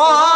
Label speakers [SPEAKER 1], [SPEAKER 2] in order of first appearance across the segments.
[SPEAKER 1] الغرام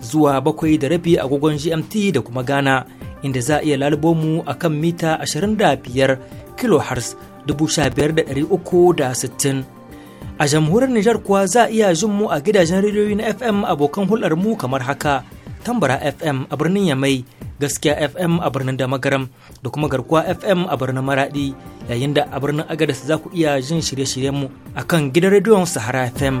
[SPEAKER 2] zuwa bakwai da rabi agogon GMT da kuma Ghana inda za a iya lalubo mu a kan mita 25 kHz 15,360. A jamhuriyar Nijar kuwa za a iya jin mu a gidajen rediyoyi na FM abokan hulɗar mu kamar haka Tambara FM a birnin Yamai, Gaskiya FM a birnin Damagaram da kuma Garkuwa FM a birnin Maradi yayin da a birnin Agadas za ku iya jin shirye-shiryen mu a kan gidan rediyon Sahara FM.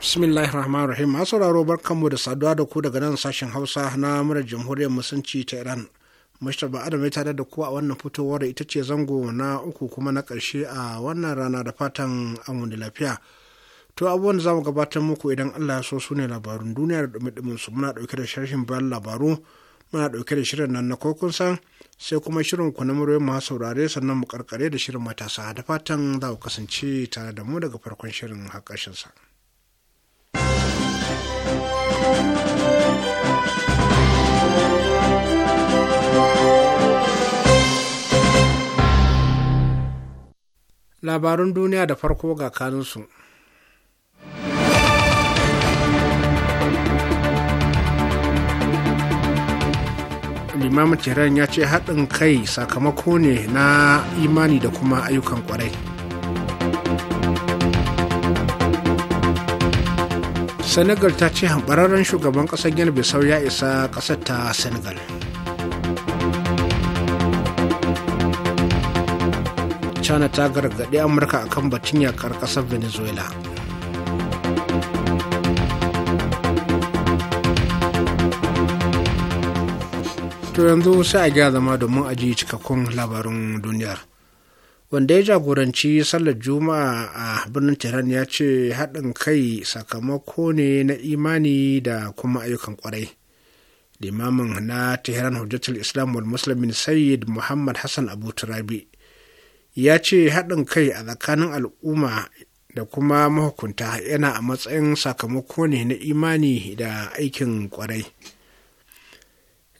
[SPEAKER 3] bismillahir rahmanir rahim a sauraro barkanmu da saduwa da ku daga nan sashen hausa na murar jamhuriyar musulunci ta iran mustapha adam ya tare da ku a wannan fitowar ita ce zango na uku kuma na karshe a wannan rana da fatan amuni lafiya to abubuwan da zamu gabatar muku idan allah ya so su ne labarun duniya da dumi su muna ɗauke da sharhin bayan labaru muna ɗauke da shirin nan na kokun san sai kuma shirin ku na muryoyin masu saurare sannan mu karkare da shirin matasa da fatan za ku kasance tare da mu daga farkon shirin har sa. labarun duniya da farko ga kanunsu. limamin tehran ya ce haɗin kai sakamako ne na imani da kuma ayyukan ƙwarai senegal ta ce hambararren shugaban ƙasar gini bisau ya isa ƙasar ta senegal china ta gargaɗi amurka akan batun yakar ƙasar venezuela to yanzu sai a gyara zama domin a cikakkun labarin duniyar wanda ya jagoranci sallar juma'a a birnin tehran ya ce haɗin kai sakamako ne na imani da kuma ayyukan kwarai limamin na tehran hujjatul islam wal muslimin sayyid muhammad hassan abu turabi ya ce haɗin kai a tsakanin al'umma da kuma mahukunta yana a matsayin sakamako ne na imani da aikin kwarai.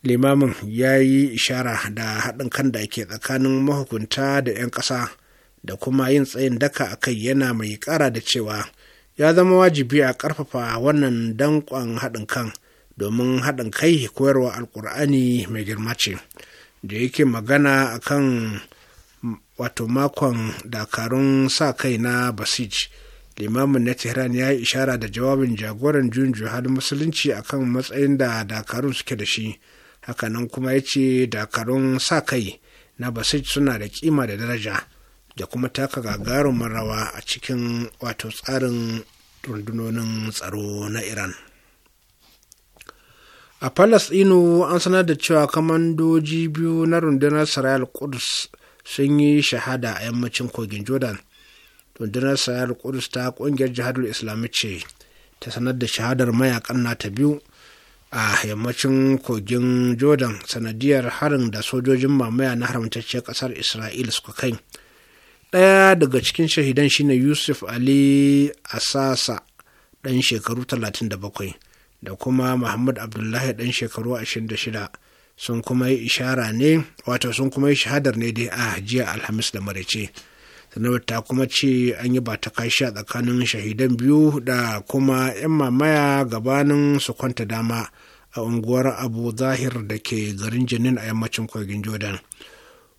[SPEAKER 3] limamin ya yi ishara da haɗin kan da ke tsakanin mahukunta da 'yan ƙasa da kuma yin tsayin daka a kai yana mai ƙara da cewa ya zama wajibi a ƙarfafa wannan danƙon haɗin kan domin haɗin kai koyarwa Alƙur'ani mai girma ce da yake magana a kan wato makon dakarun sa kai na basij limamin na tehran ya yi ishara da jawabin jagoran juyin juhar musulunci akan matsayin da dakarun suke da shi hakanan kuma ya ce dakarun sa kai na basij suna da kima da daraja da kuma taka gagarun marawa a cikin wato tsarin rundunonin tsaro na iran a palestino an sanar da cewa kamandoji biyu na rundunar sarayar quds sun yi shahada a yammacin kogin jordan rundunar sarayar quds ta kungiyar jihadul islami ce ta sanar da shahadar mayakan nata biyu a yammacin kogin jordan sanadiyar harin da sojojin mamaya na haramtacciyar kasar isra'ila suka kai ɗaya daga cikin shahidan shine yusuf ali asasa ɗan shekaru 37 da kuma muhammad abdullahi ɗan shekaru 26 sun kuma yi ishara ne wato yi shahadar ne dai a jiya alhamis da maraice. sanarwar ta kuma ce an yi bata kashi a tsakanin shahidan biyu da kuma 'yan mamaya gabanin su kwanta dama a unguwar abu zahir da ke garin jinin a yammacin kogin jordan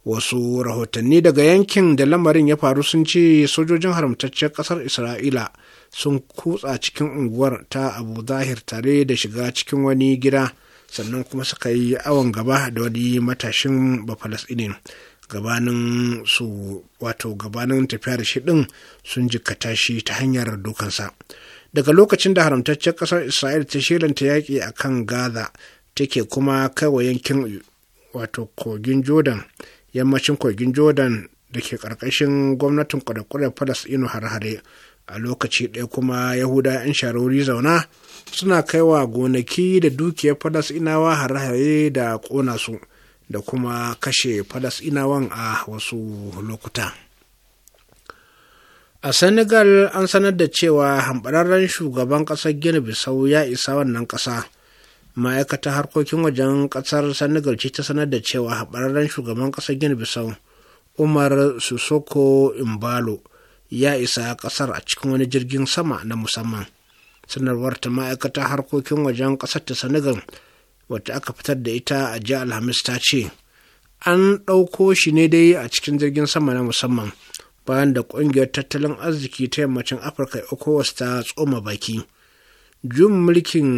[SPEAKER 3] wasu rahotanni daga yankin da lamarin ya faru sun ce sojojin haramtaccen kasar isra'ila sun kutsa cikin unguwar ta abu zahir tare da shiga cikin wani gida sannan kuma suka yi awon gaba da wani matashin bafalasɗinin gabanin su wato gabanin tafiya da shi ɗin sun jikata shi ta hanyar dukansa daga lokacin da haramtaccen ƙasar isra'il ta shirinta yaƙi a kan gaza take kuma kaiwa yankin wato kogin jordan yammacin kogin jordan da ke ƙarƙashin gwamnatin kwarekwarar falasɗinu har-hare a lokaci ɗaya kuma yahuda 'yan sharori zauna suna kaiwa gonaki da dukiyar falasɗinawa har-hare da ƙona su da kuma kashe falasinawan a wasu lokuta a senegal an sanar da cewa hambararren shugaban ƙasar gini bisau ya isa wannan ƙasa ma'aikatar harkokin wajen ƙasar senegal ce ta sanar da cewa hambararren shugaban ƙasar guinea bisau umar susoko imbalo ya isa ƙasar a cikin wani jirgin sama na musamman sanarwar ta ma'aikatar harkokin wajen ƙasar ta senegal wata aka fitar da ita a jiya alhamis ta ce an ɗauko shi ne dai a cikin jirgin sama na musamman bayan da ƙungiyar tattalin arziki ta yammacin afirka ecowas ta tsoma baki jun mulkin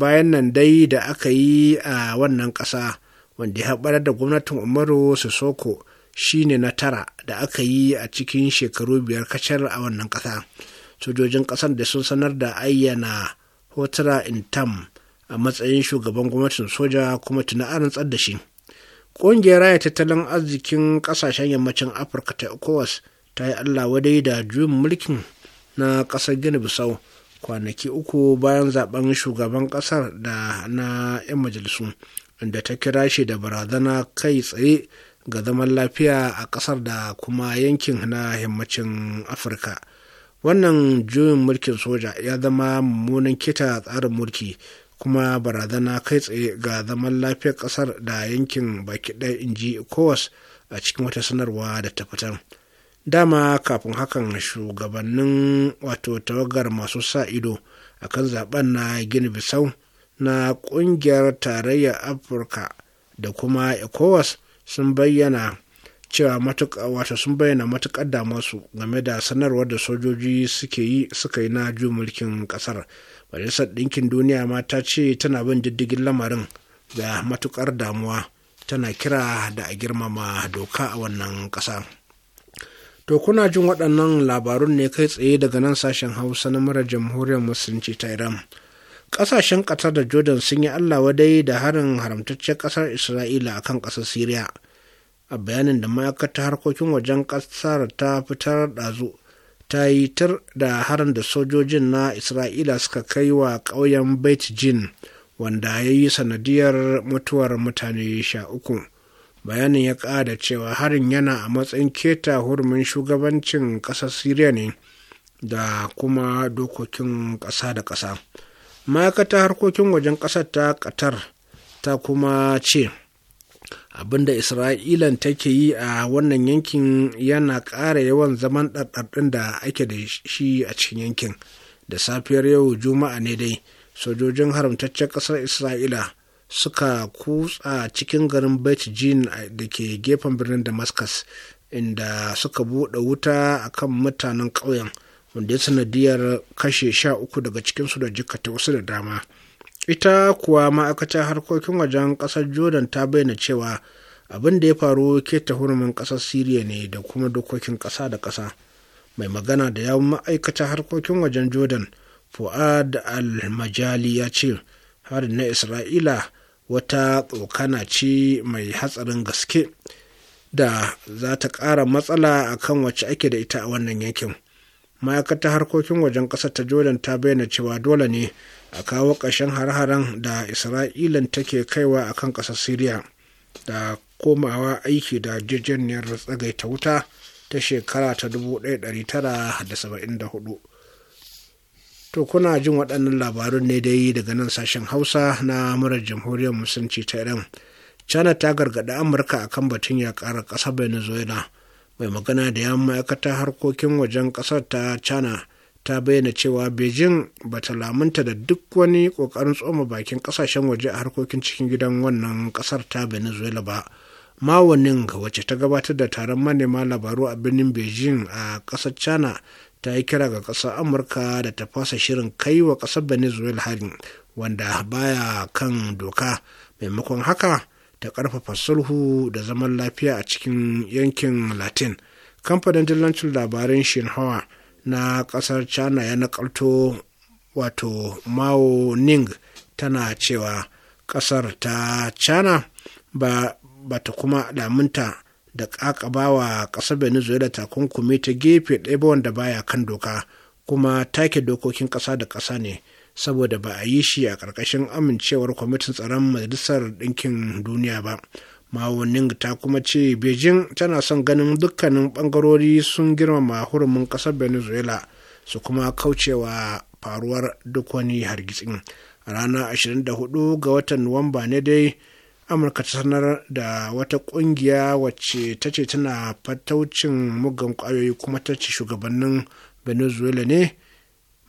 [SPEAKER 3] bayan nan dai da aka yi a wannan ƙasa wanda ya haɓar da gwamnatin umaru sissoko ne na tara da aka yi a cikin shekaru biyar kacar a wannan ƙasa sojojin ƙasar da sun sanar da ayyana hotara intam a matsayin shugaban gwamnatin soja kuma tuna arin da shi ƙungiyar raya tattalin arzikin ƙasashen yammacin afirka ta ecowas ta yi allah wadai da juyin mulkin na ƙasar gini bisau kwanaki uku bayan zaben shugaban ƙasar da na 'yan majalisu inda ta kira shi da barazana kai tsaye ga zaman lafiya a ƙasar da kuma yankin na yammacin afirka wannan juyin mulkin soja ya zama mummunan kita tsarin mulki kuma barazana kai tsaye ga zaman lafiyar ƙasar da yankin baki ɗaya in ji kowas a cikin wata sanarwa da ta fitar dama kafin hakan shugabannin wato tawagar masu sa ido akan zaɓen na gini bisau na ƙungiyar tarayyar afirka da kuma ecowas sun bayyana cewa wato sun bayyana matuƙar masu game da sanarwar da sojoji suke yi suka yi na ju mulkin ƙasar majalisar ɗinkin duniya ma ta ce tana bin diddigin lamarin da matuƙar damuwa tana kira da a girmama doka a wannan ƙasa to kuna jin waɗannan labarun ne kai tsaye daga nan sashen hausa na mara jamhuriyar musulunci ta iran ƙasashen ƙasar da jordan sun yi allah wadai da harin haramtacciyar ƙasar isra'ila akan ƙasar syria a bayanin da ma'aikatar harkokin wajen ƙasar ta fitar ɗazu ta yi tur da harin da sojojin na isra'ila suka kai wa ƙauyen bait jin wanda ya yi sanadiyar mutuwar mutane sha uku bayanin ya ƙada cewa harin yana a matsayin keta hurumin shugabancin ƙasar siriya ne da kuma dokokin ƙasa da ƙasa ma'aikatar harkokin wajen ƙasar ta ƙatar ta kuma ce abinda isra'ilan take yi a wannan yankin yana ƙara yawan zaman ɗarɗarɗin da ake da shi a cikin yankin da safiyar yau juma'a ne dai sojojin haramtaccen ƙasar isra'ila suka kutsa cikin garin bet jin da ke gefen birnin damascus inda suka buɗe wuta a kan mutanen ƙauyen wanda ya sanadiyar kashe sha uku daga cikinsu da jikata wasu da dama ita kuwa ma'aikatar harkokin wajen ƙasar jordan ta bayyana cewa abin da ya faru ke ta hurumin ƙasar siriya ne da kuma dokokin ƙasa da ƙasa mai magana da yawon ma'aikata harkokin wajen jordan fuad al-majali ya ce harin na isra'ila wata tsokana ce mai hatsarin gaske da za ta ƙara matsala a kan wacce ake da ita a wannan yankin ma'aikatar harkokin wajen ƙasar ta jordan ta bayyana cewa dole ne a kawo ƙarshen har-haren da isra'ilan take kaiwa a kan ƙasar syria da komawa aiki da tsagai tsagaita wuta ta shekara ta 1974 to kuna jin waɗannan labarun ne dai daga nan sashen hausa na murar jamhuriyar musulunci ta iran china ta gargaɗi amurka a kan batun yaƙar ƙasar venezuela mai magana da yamma ma'aikatar harkokin wajen ƙasar ta china ta bayyana cewa beijing ba ta lamunta da duk wani ƙoƙarin tsoma bakin ƙasashen waje a harkokin cikin gidan wannan ƙasar ta venezuela ba mawanin wacce ta gabatar da taron manema labaru a birnin beijing a ƙasar china ta yi kira ga ƙasar amurka da ta fasa shirin kai wa ƙasar venezuela harin wanda baya kan doka maimakon haka ta ƙarfafa sulhu da zaman lafiya a cikin yankin latin kamfanin dillancin labaran shinhawa na ƙasar china ya nakalto wato mao ning tana cewa ƙasar ta china ba bata kuma damunta da ƙaƙabawa ƙasar venezuela takunkumi ta gefe ɗaya ba wanda baya kan doka kuma take dokokin ƙasa da ƙasa ne saboda ba a yi shi a ƙarƙashin amincewar kwamitin tsaron majalisar ɗinkin duniya ba Ning ta kuma ce beijing tana son ganin dukkanin bangarori sun girmama hurumin ƙasar venezuela su kuma kaucewa faruwar duk wani hargitsin a ranar 24 ga watan nuwamba ne dai amurka ta sanar da wata ƙungiya wacce ta ce tana fataucin mugan kwayoyi kuma ta ce shugabannin venezuela ne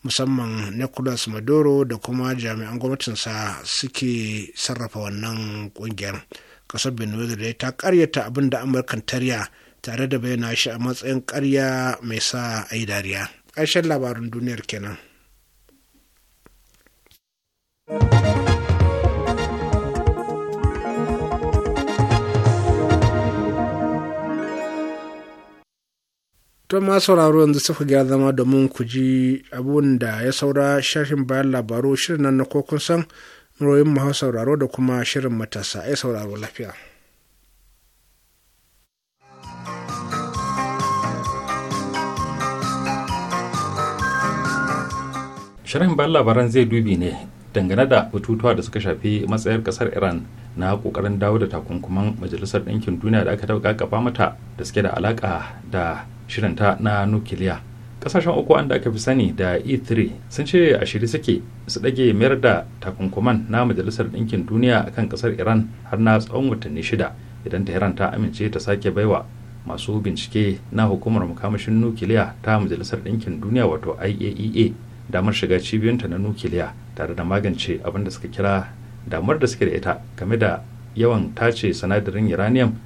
[SPEAKER 3] musamman nicolas maduro da kuma jami'an gwamnatinsa suke sarrafa wannan ƙungiyar. kasar venezuela ta karyata abin da amurkan tarya tare da bayyana shi a matsayin karya mai sa a dariya ƙarshen labarin duniyar kenan to ma sauraro yanzu suka gyara zama domin ku ji abun da ya saura sharhin bayan labaru shirin nan na kokun san muroyin masu sauraro da kuma shirin matasa ya sauraro lafiya.
[SPEAKER 4] Shirin bayan labaran zai dubi ne dangane da batutuwa da suka shafi matsayar kasar Iran na kokarin dawo da takunkuman majalisar ɗinkin duniya da aka dauka mata da suke da alaka da shirinta na nukiliya. kasashen uku wanda aka fi sani da e3 sun ce a shiri suke su ɗage mayar da takunkuman na majalisar ɗinkin duniya akan ƙasar iran har na tsawon watanni shida idan tehran ta amince ta sake baiwa masu bincike na hukumar makamashin nukiliya ta majalisar ɗinkin duniya wato iaea e damar shiga cibiyunta na nukiliya tare da magance abin da suka kira damar da suke da ita game da yawan tace sinadarin uranium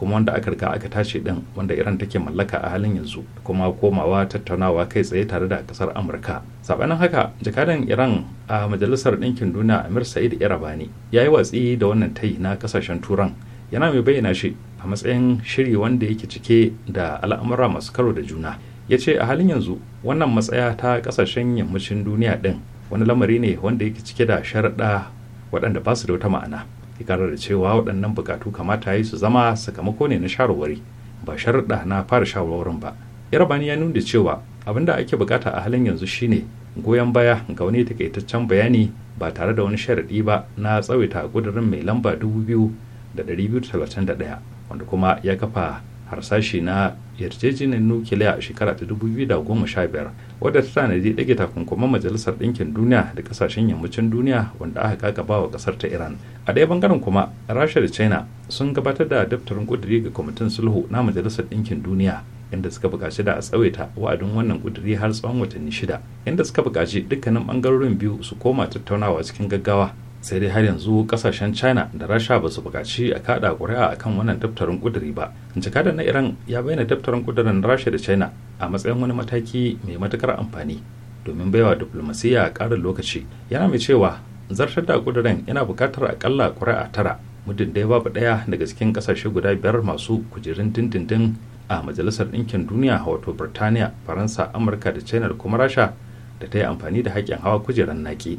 [SPEAKER 4] kuma wanda aka riga aka tashi din wanda iran take mallaka a halin yanzu kuma komawa tattaunawa kai tsaye tare da kasar amurka sabanin haka jakadan iran a majalisar ɗinkin duniya amir sa'id irabani ya yi watsi da wannan tayi na kasashen turan yana mai bayyana shi a matsayin shiri wanda yake cike da al'amura masu karo da juna ya ce a halin yanzu wannan matsaya ta kasashen yammacin duniya din wani lamari ne wanda yake cike da sharaɗa waɗanda ba su da wata ma'ana ya kara da cewa waɗannan bukatu kamata yi su zama sakamako ne na shawarwari ba sharuɗa na fara shawarwarin ba yarabani ya nuna cewa abin da ake bukata a halin yanzu shine goyon baya ga wani takaitaccen bayani ba tare da wani sharaɗi ba na tsawaita ƙudurin mai lamba da da biyu ɗaya wanda kuma ya kafa harsashi na yarjejeniyar nukiliya a shekara ta 2015 wadda ta tanadi ɗage takunkuman majalisar ɗinkin duniya da ƙasashen yammacin duniya wanda aka ba wa ƙasar ta iran a ɗaya bangaren kuma rasha da china sun gabatar da daftarin ƙuduri ga kwamitin sulhu na majalisar ɗinkin duniya inda suka buƙaci da a tsawaita wa'adin wannan ƙuduri har tsawon watanni shida inda suka buƙaci dukkanin ɓangarorin biyu su koma tattaunawa cikin gaggawa sai dai har yanzu kasashen china da rasha ba su bukaci a kada kuri'a akan wannan daftarin ƙuduri ba jakadar na iran ya bayyana daftarin kudurin rasha da china a matsayin wani mataki mai matukar amfani domin baiwa diplomasiya karin lokaci yana mai cewa zartar da kudurin yana bukatar aƙalla kuri'a tara muddin dai babu ɗaya daga cikin ƙasashe guda biyar masu kujerun dindindin a majalisar ɗinkin duniya wato birtaniya faransa amurka da china da kuma rasha da ta yi amfani da haƙƙin hawa kujerar naki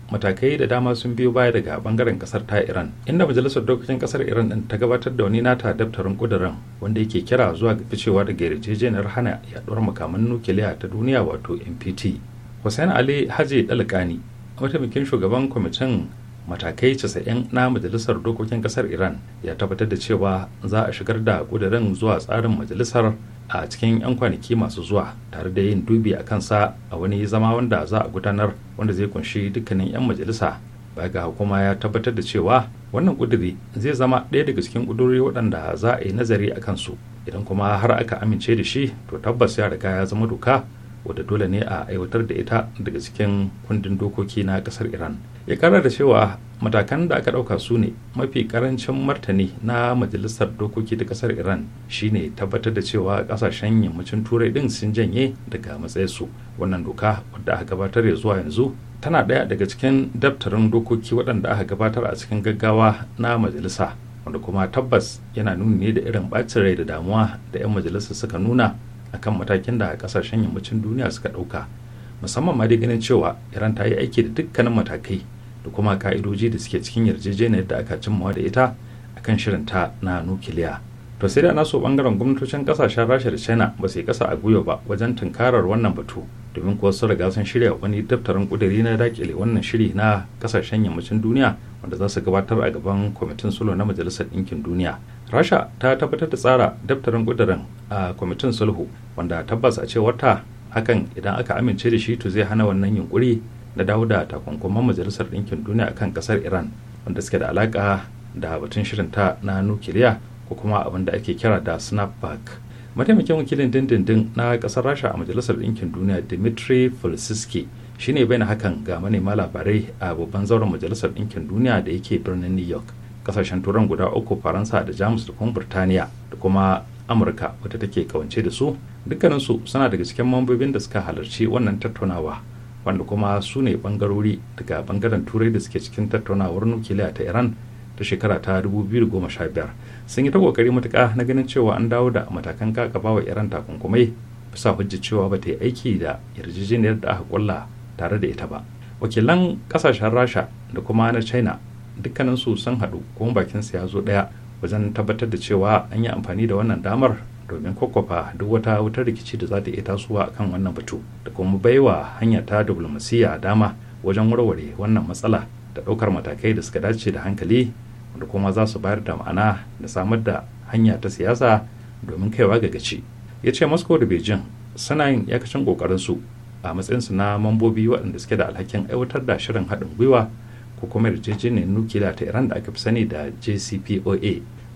[SPEAKER 4] matakai da dama sun biyo baya daga bangaren kasar ta iran inda majalisar dokokin kasar iran din ta gabatar da wani nata daftarin kudirin wanda yake kira zuwa ga ficewa daga yarjejeniyar hana yaduwar makaman nukiliya ta duniya wato npt hussein ali haji dalkani mataimakin shugaban kwamitin matakai 90 na majalisar dokokin kasar iran ya tabbatar da cewa za a shigar da kudirin zuwa tsarin majalisar a cikin 'yan kwanaki masu zuwa tare da yin dubi a kansa a wani zama wanda za a gudanar wanda zai kunshi dukkanin 'yan majalisa baya ga hukuma ya tabbatar da cewa wannan ƙuduri zai zama ɗaya daga cikin ƙuduri waɗanda za a yi nazari a kansu idan kuma har aka amince da shi to tabbas ya riga ya zama doka wadda dole ne a aiwatar da ita daga cikin kundin dokoki na ƙasar iran ya kara da cewa matakan da aka ɗauka su ne mafi karancin martani na majalisar dokoki ta ƙasar iran shine tabbatar da cewa ƙasashen yammacin turai ɗin sun janye daga matsayinsu wannan doka wadda aka gabatar ya zuwa yanzu tana ɗaya daga cikin daftarin dokoki waɗanda aka gabatar a cikin gaggawa na majalisa wanda kuma tabbas yana nuni ne da irin ɓacin rai da damuwa da 'yan majalisa suka nuna akan matakin da ƙasashen yammacin duniya suka ɗauka musamman ma dai ganin cewa iran ta yi aiki da dukkanin matakai da kuma ka'idoji da suke cikin yarjejeniyar da aka cimmawa da ita akan shirin ta na nukiliya to sai da naso bangaren gwamnatocin kasashen rasha da china ba su yi kasa a gwiwa ba wajen tunkarar wannan batu domin kuwa sun riga sun shirya wani daftarin kudiri na dakile wannan shiri na kasashen yammacin duniya wanda za su gabatar a gaban kwamitin sulhu na majalisar ɗinkin duniya rasha ta tabbatar da tsara daftarin kudirin a kwamitin sulhu wanda tabbas a cewar ta hakan idan aka amince da shi to zai hana wannan yunkuri na dawo da takunkuman majalisar ɗinkin duniya akan ƙasar iran wanda suke da alaƙa da batun shirin ta na nukiliya ko kuma abin da ake kira da snapback mataimakin wakilin dindindin na ƙasar rasha a majalisar ɗinkin duniya dimitri fulsiski shine na hakan ga manema labarai a babban zauren majalisar ɗinkin duniya da yake birnin new york kasashen turan guda uku faransa da jamus da kuma burtaniya da kuma amurka wata take kawance da su dukkaninsu suna daga cikin mambobin da suka halarci wannan tattaunawa wanda kuma su ne bangarori daga bangaren turai da suke cikin tattaunawar nukiliya ta iran ta shekara ta 2015 sun yi ta kokari matuka na ganin cewa an dawo da matakan kakaba wa iran takunkumai bisa hujja cewa ba ta yi aiki da yarjejeniyar da aka kulla tare da ita ba wakilan kasashen rasha da kuma na china dukkaninsu sun haɗu kuma bakinsa ya zo ɗaya wajen tabbatar da cewa an yi amfani da wannan damar domin kwakwafa duk wata wutar rikici da za ta iya tasowa akan wannan batu da kuma baiwa hanya ta diplomasiya dama wajen warware wannan matsala da ɗaukar matakai da suka dace da hankali da kuma za su bayar da ma'ana da samar da hanya ta siyasa domin kaiwa ga gaci ya ce moscow da beijing suna yin yakacin ƙoƙarinsu a matsayinsu na mambobi waɗanda suke da alhakin aiwatar da shirin haɗin gwiwa ko kuma yarjejeniyar nukiliya ta iran da aka fi sani da jcpoa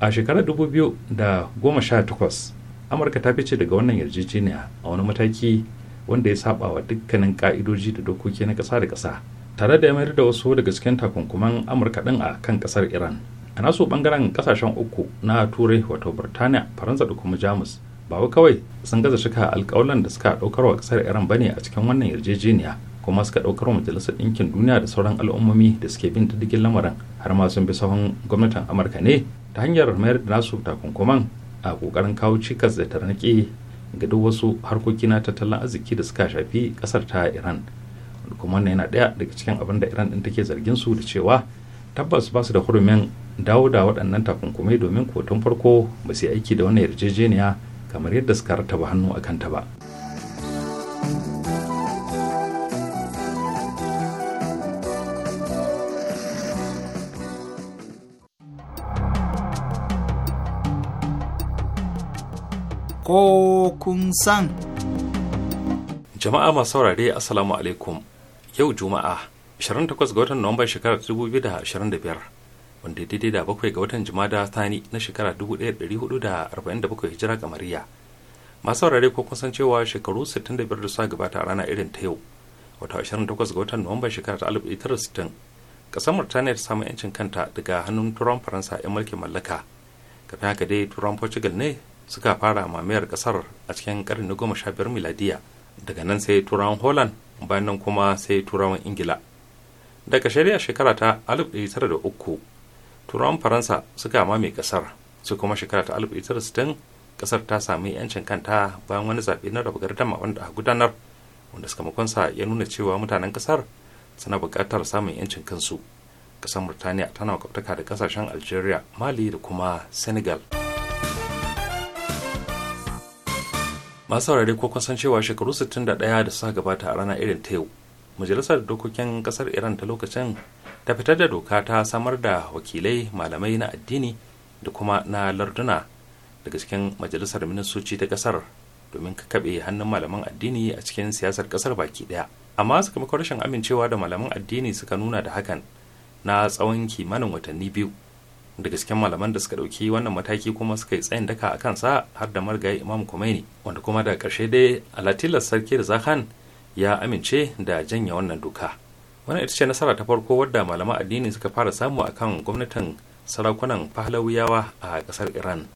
[SPEAKER 4] a shekarar 2018 amurka ta fice daga wannan yarjejeniya a wani mataki wanda ya saba wa dukkanin ka'idoji da dokoki na ƙasa da kasa. tare da ya mayar da wasu daga cikin takunkuman amurka ɗin a kan kasar iran a naso bangaren kasashen uku na turai wato birtaniya faransa da kuma jamus ba wai kawai sun gaza shika alƙawalan da suka ɗaukar wa ƙasar iran bane a cikin wannan yarjejeniya kuma suka ɗaukar majalisar ɗinkin duniya da sauran al'ummomi da suke bin diddigin lamarin har ma sun bi sahun gwamnatin amurka ne ta hanyar mayar da nasu takunkuman a kokarin kawo cikas da tarnaƙi ga duk wasu harkoki na tattalin arziki da suka shafi kasar ta iran kuma wannan yana ɗaya daga cikin abin da iran ɗin take zargin su da cewa tabbas ba su da hurumin dawo da waɗannan takunkumai domin kotun farko ba su yi aiki da wannan yarjejeniya kamar yadda suka rataba hannu a kanta ba.
[SPEAKER 2] ko kun san.
[SPEAKER 4] Jama'a masu saurare Assalamu alaikum yau Juma'a 28 ga watan Nuwamban shekarar 2025 wanda daidai da bakwai ga watan Jumada Thani na shekara 1447 hijira kamariya. Masu saurare ko kun san cewa shekaru 65 da suka gabata a rana irin ta yau wata 28 ga watan Nuwamban shekarar 1960 kasar Murtaniya ta samu 'yancin kanta daga hannun turan Faransa 'yan mulkin mallaka. Kafin haka dai turan Portugal ne suka fara mamayar kasar a cikin karni na goma sha biyar miladiya daga nan sai turawan holland bayan nan kuma sai turawan ingila daga shari'a shekara ta 1903 turawan faransa suka mame kasar su kuma shekara ta 1960 kasar ta sami yancin kanta bayan wani zaɓe na raba gardama wanda a gudanar wanda sakamakonsa ya nuna cewa mutanen kasar suna buƙatar samun yancin kansu kasar murtaniya tana kwaftaka da kasashen algeria mali da kuma senegal masu saurare ko kun cewa shekaru 61 da suka gabata a rana irin ta yau majalisar dokokin kasar iran ta lokacin ta fitar da doka ta samar da wakilai malamai na addini da kuma na larduna daga cikin majalisar ministoci ta kasar domin kaɓe hannun malaman addini a cikin siyasar kasar baki daya amma sakamakon rashin amincewa da malaman addini suka nuna da hakan na tsawon kimanin watanni biyu da cikin malaman da suka dauki wannan mataki kuma suka yi tsayin daka a kansa har da marigayi imam Khomeini wanda kuma da karshe dai alatilas sarki da zakhan ya amince da janya wannan doka wannan ita ce nasara ta farko wadda malaman addini suka fara samu akan gwamnatin sarakunan pahlawiyawa a kasar Iran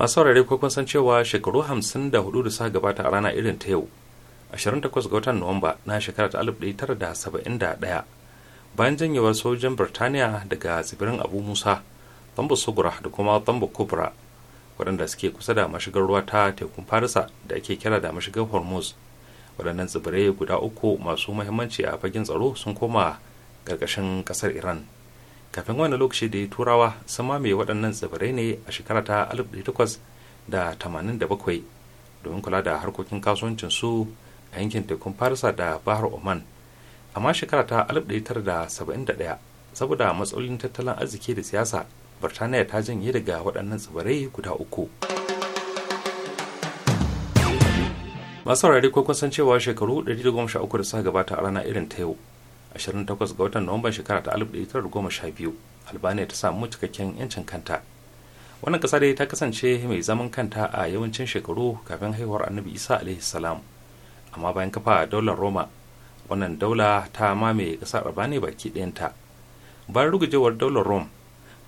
[SPEAKER 4] masu saurare ko san cewa shekaru hamsin da hudu da suka gabata a rana irin ta yau 28 ga watan nuwamba na shekarar 1971 bayan janyewar sojojin birtaniya daga tsibirin abu musa tambu sugura da kuma tambu kubra waɗanda suke kusa da mashigar ruwa ta tekun farisa da ake kira da mashigar hormuz waɗannan tsibirai guda uku masu muhimmanci a fagen tsaro sun koma ƙarƙashin ƙasar iran kafin wani lokaci da ya turawa sun mamaye waɗannan tsibirai ne a shekara ta 1887 domin kula da harkokin kasuwancin su a yankin tekun farisa da bahar oman amma shekara ta 1971 saboda matsalolin tattalin arziki da siyasa birtaniya ta janye daga waɗannan tsibirai guda uku masu saurari ko san cewa shekaru 113 da suka gabata a rana irin ta yau 28 ga watan nuwamban shekara ta 1912 albania ta samu cikakken yancin kanta wannan kasa dai ta kasance mai zaman kanta a yawancin shekaru kafin haihuwar annabi isa alaihi salam amma bayan kafa daular roma wannan daula ta mamaye ƙasar albania baki ɗayanta bayan rugujewar daular rome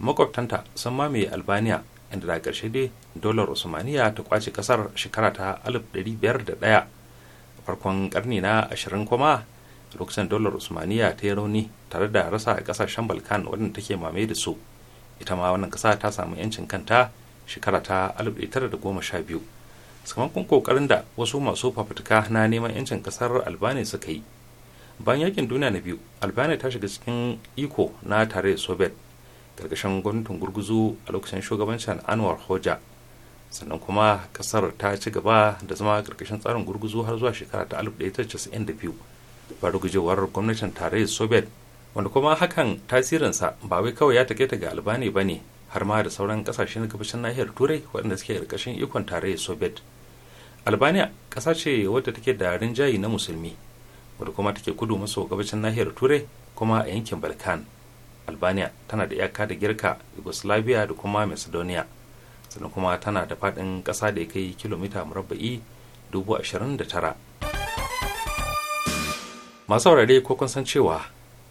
[SPEAKER 4] makwabtanta sun mamaye albania inda da ƙarshe dai daular usmaniya ta kwace ƙasar shekara ta 1501 ɗaya farkon ƙarni na 20 kuma lokacin daular usmaniya ta yi rauni tare da rasa ƙasashen balkan waɗanda take mame da su ita ma wannan ƙasa ta samu 'yancin kanta shekara ta 1912 sakamakon kokarin da wasu masu fafutuka na neman yancin kasar albani suka yi bayan yakin duniya na biyu albani ta shiga cikin iko na tare soviet karkashin gwamnatin gurguzu a lokacin shugabancin anwar hoja sannan kuma kasar ta ci gaba da zama karkashin tsarin gurguzu har zuwa shekara ta 1992 ba gujewar gwamnatin tare soviet wanda kuma hakan tasirinsa ba wai kawai ya take ga albani ba ne har ma da sauran kasashe na gabashin nahiyar turai waɗanda suke ƙarƙashin ikon tarayyar soviet albania ƙasa ce wadda take da rinjayi na musulmi wadda kuma take kudu maso gabashin nahiyar turai kuma a yankin balkan albania tana da iyaka da girka yugoslavia da kuma macedonia sannan kuma tana da faɗin ƙasa da ya kai kilomita murabba'i dubu ashirin da tara masu saurare ko kun san cewa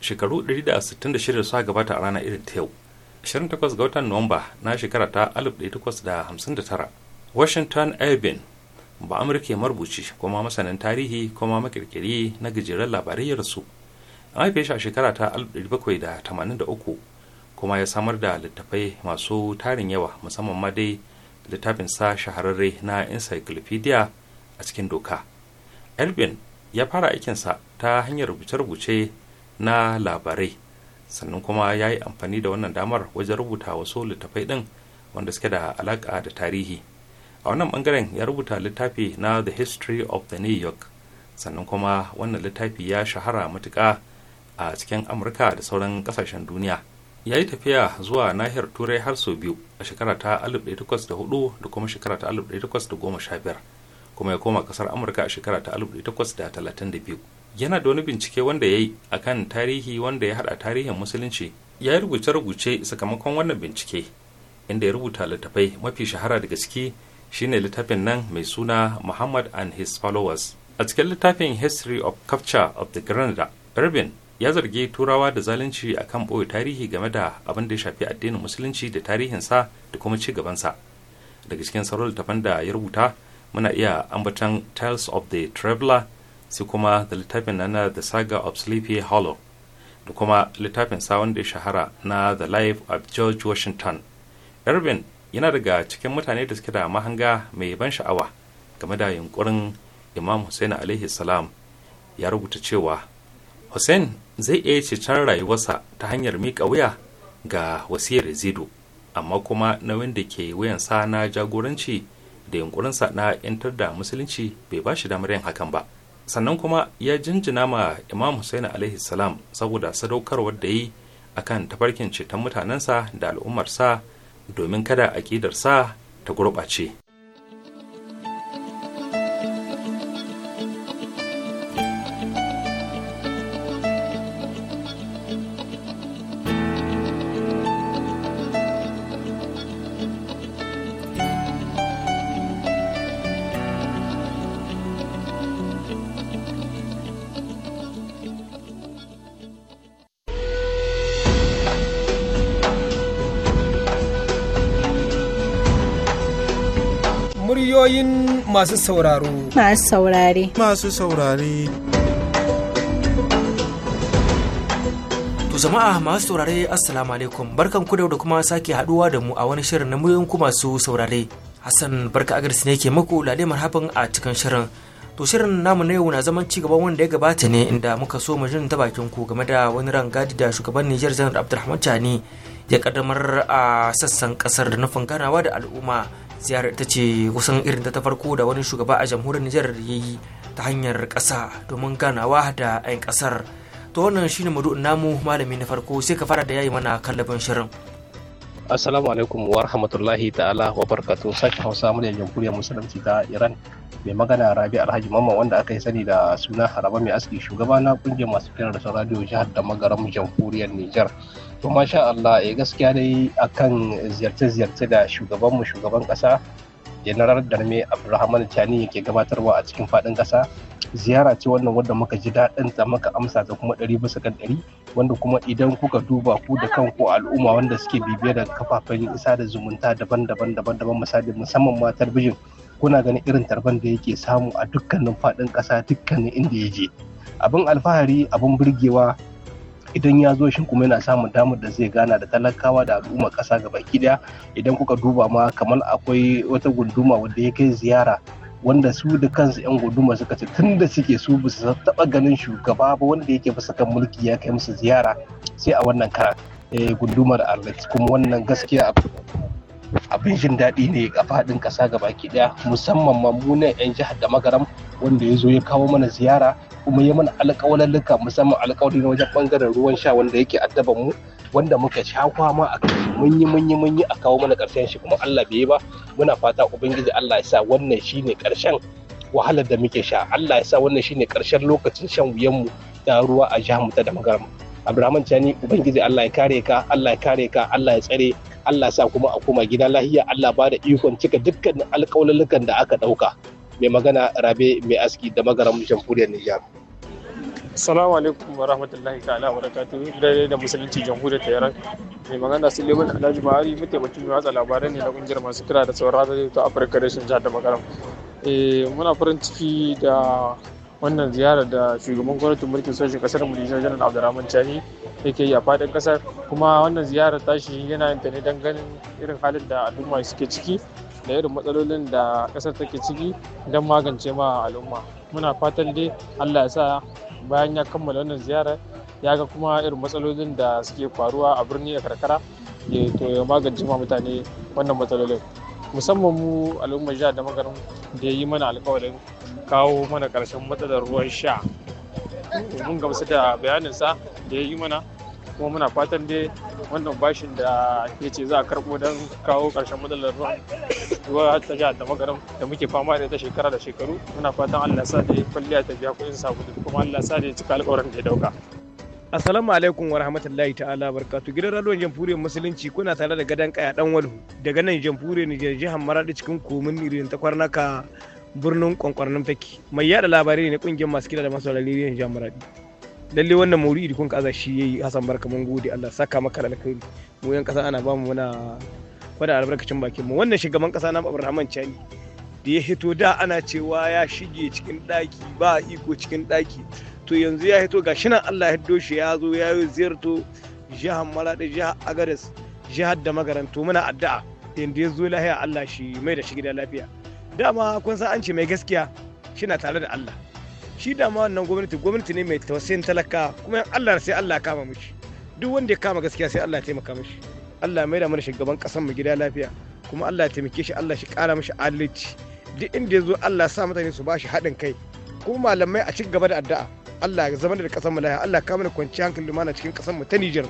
[SPEAKER 4] shekaru 166 suka gabata a ranar irin ta yau 28 ga watan nuwamba na shekara ta 1859 washington irving ba amurka marubuci kuma masanin tarihi kuma makirkiri na gajeren labarai ya an haife shi a shekara ta 1783 kuma ya samar da littafai masu tarin yawa musamman ma dai littafin sa shahararre na encyclopedia a cikin doka elbin ya fara aikinsa ta hanyar rubuce-rubuce na labarai sannan kuma ya yi amfani da wannan damar wajen rubuta wasu littafai ɗin wanda suke da alaƙa da tarihi a wannan ɓangaren ya rubuta littafi na the history of the new york sannan kuma wannan littafi ya shahara matuƙa a cikin amurka da sauran ƙasashen duniya ya yi tafiya zuwa nahiyar turai har sau biyu a shekara ta 1804 da kuma shekara ta 1815 kuma ya koma ƙasar amurka a shekara ta 1832 yana da wani bincike wanda ya yi akan tarihi wanda ya haɗa tarihin musulunci ya yi rubuce-rubuce sakamakon wannan bincike inda ya rubuta littafai mafi shahara da gaske shine littafin nan mai suna muhammad and his followers a cikin littafin history of capture of the granada irvin ya zargi turawa da zalunci akan ɓoye tarihi game da abin da ya shafi addinin musulunci da tarihinsa da kuma ci gabansa daga cikin sauran littafan da ya rubuta muna iya ambatan tales of the traveler sai kuma da littafin na na The Saga of Sleepy Hollow da kuma littafin sa wanda ya shahara na The Life of George Washington. Irvin yana daga cikin mutane da suke da mahanga mai ban sha'awa game da yunkurin Imam Hussein alaihi salam ya rubuta cewa Hussein zai iya ceton rayuwarsa ta hanyar miƙa wuya ga wasiyar zido amma kuma nauyin da ke wuyansa na jagoranci da yunkurinsa na 'yantar da musulunci bai ba shi damar yin hakan ba. sannan kuma ya jinjina ma imam Hussein alaihi salam saboda sadaukarwar da yi akan tafarkin ceton mutanensa da al'ummarsa domin kada aƙidarsa ta gurɓace.
[SPEAKER 2] masu sauraro.
[SPEAKER 3] Masu saurare. Masu saurare.
[SPEAKER 2] To jama'a masu saurare assalamu alaikum barkan ku da kuma sake haduwa da mu a wani shirin na muyin ku masu saurare. Hassan barka agarsi ne ke muku lale marhaban a cikin shirin. To shirin namu na yau na zaman ci gaban wanda ya gabata ne inda muka so mu jin ta bakin ku game da wani ran gadi da shugaban Nijar Janar Abdulrahman Tani ya kaddamar a sassan kasar da nufin ganawa da al'umma ziyarar ita ce kusan irin ta farko da wani shugaba a jamhuriyar nijar ya yi ta hanyar kasa domin ganawa da 'yan kasar to wannan shine madu'in namu malami na farko sai ka fara da yayi mana kallabin shirin
[SPEAKER 5] Assalamu alaikum wa rahmatullahi ta'ala wa barkatu sake hausa mana jamhuriyar musulunci ta Iran mai magana Rabi Alhaji Mamman wanda aka yi sani da suna Haraba mai aski shugaba na kungiyar masu kiran da radio jihar da magaram jamhuriyar Nijar. to masha Allah ya eh, gaskiya dai akan ziyarce-ziyarce da shugabanmu shugaban kasa general darme abdulrahman chani yake gabatarwa a cikin fadin kasa ziyara ce wannan wanda muka ji daɗin ta muka amsa da kuma ɗari bisa kan ɗari wanda kuma idan kuka duba ku da kanku al'umma wanda suke bibiye da kafafen isa da zumunta daban-daban daban-daban misali musamman ma talbijin kuna ganin irin tarban da yake samu a dukkanin faɗin kasa dukkanin inda ya je abin alfahari abin burgewa idan ya zo shi kuma yana samun damar da zai gana da talakawa da al'umma ƙasa gaba daya idan kuka duba ma kamar akwai wata gunduma wanda ya kai ziyara wanda su da kansu 'yan gunduma suka ce tun da suke su ba su taɓa ganin shugaba ba wanda yake ba sakan mulki ya kai musu ziyara sai a wannan karan eh, gundumar alex kuma wannan gaskiya abin jin daɗi ne a faɗin ƙasa gabaki ɗaya musamman mamunan 'yan jihar da magaram wanda ya zo ya kawo mana ziyara kuma ya mana alƙawalalluka musamman alƙawari na wajen ɓangaren ruwan sha wanda yake addaban mu wanda muka sha kwama a kai mun yi mun yi mun yi a kawo mana ƙarshen shi kuma Allah bai yi ba muna fata ubangiji Allah ya sa wannan shine ƙarshen wahalar da muke sha Allah ya sa wannan shine ƙarshen lokacin shan wuyan mu da ruwa a jihar mu ta da magaram abdulrahman cani ubangiji allah ya kare ka allah ya kare ka allah ya tsare allah sa kuma a koma gida lahiya allah ba da ikon cika dukkan alƙawallukan da aka ɗauka mai magana rabe mai aski da magaran jamhuriyar nijar
[SPEAKER 6] salamu alaikum wa rahmatullahi ta'ala wa barakatuhu daidai da musulunci jamhuriyar yaran Mai magana su Suleiman Alhaji Buhari mataimakin watsa labarai ne na kungiyar masu kira da sauran radio ta Afirka Reshen Jihar da Magaram. Eh, muna farin ciki da wannan ziyarar da shugaban gwamnatin mulkin sojin kasar mu Nijar Janar Abdurrahman Chani yake yi a fadin kasar kuma wannan ziyarar tashi yana yin ta ne don ganin irin halin da al'umma suke ciki da irin matsalolin da kasar take ciki don magance ma al'umma muna fatan dai Allah ya sa bayan ya kammala wannan ziyarar ya ga kuma irin matsalolin da suke faruwa a birni da karkara ya to ya magance ma mutane wannan matsalolin musamman mu al'ummar jihar da magarin da ya yi mana alkawarin kawo mana karshen matsalar ruwan sha mun gamsu da bayaninsa da ya yi mana kuma muna fatan dai wannan bashin da ya ce za a karɓo don kawo ƙarshen matsalar ruwan ruwa ta jihar da magaram da muke fama da ita shekara da shekaru muna fatan allah sa da kwalliya ta biya kuɗin sabulu kuma allah sa da ya cika alƙawarin da ya
[SPEAKER 7] dauka Assalamu alaikum wa rahmatullahi ta'ala barkatu gidan radon jamhuriyar musulunci kuna tare da gadan kaya dan walhu daga nan jamhuriyar Nijar jihar Maradi cikin komin irin ta kwarnaka birnin kwankwarnin faki mai yada labarai ne kungiyar masu kira da masu rarrari ne jami'ar lalle wannan mauridi kun kaza shi yayi hasan barka mun gode Allah saka maka alkhairi mu yan kasa ana bamu muna fada albarkacin bakin mu wannan shugaban kasa na Abraham Chani da ya hito da ana cewa ya shige cikin daki ba iko cikin daki to yanzu ya hito ga shinan Allah ya hiddo shi ya zo ya yi ziyarto jihar Maladi jihar Agares jihar da magaranto muna addu'a yanda ya zo lahiya Allah shi mai da shi gida lafiya dama kun san an ce mai gaskiya shi na tare da Allah shi dama wannan gwamnati gwamnati ne mai tausayin talaka kuma Allah sai Allah kama mishi duk wanda ya kama gaskiya sai Allah ya taimaka mishi Allah mai da mana shugaban kasan mu gida lafiya kuma Allah ya taimake shi Allah shi kara mishi adalci duk inda ya zo Allah ya sa mutane su ba bashi haɗin kai kuma malamai a ci gaba da addu'a Allah ya zama da kasan mu lafiya Allah ya kama da kwanciyar hankali mana cikin kasan mu ta Nijar.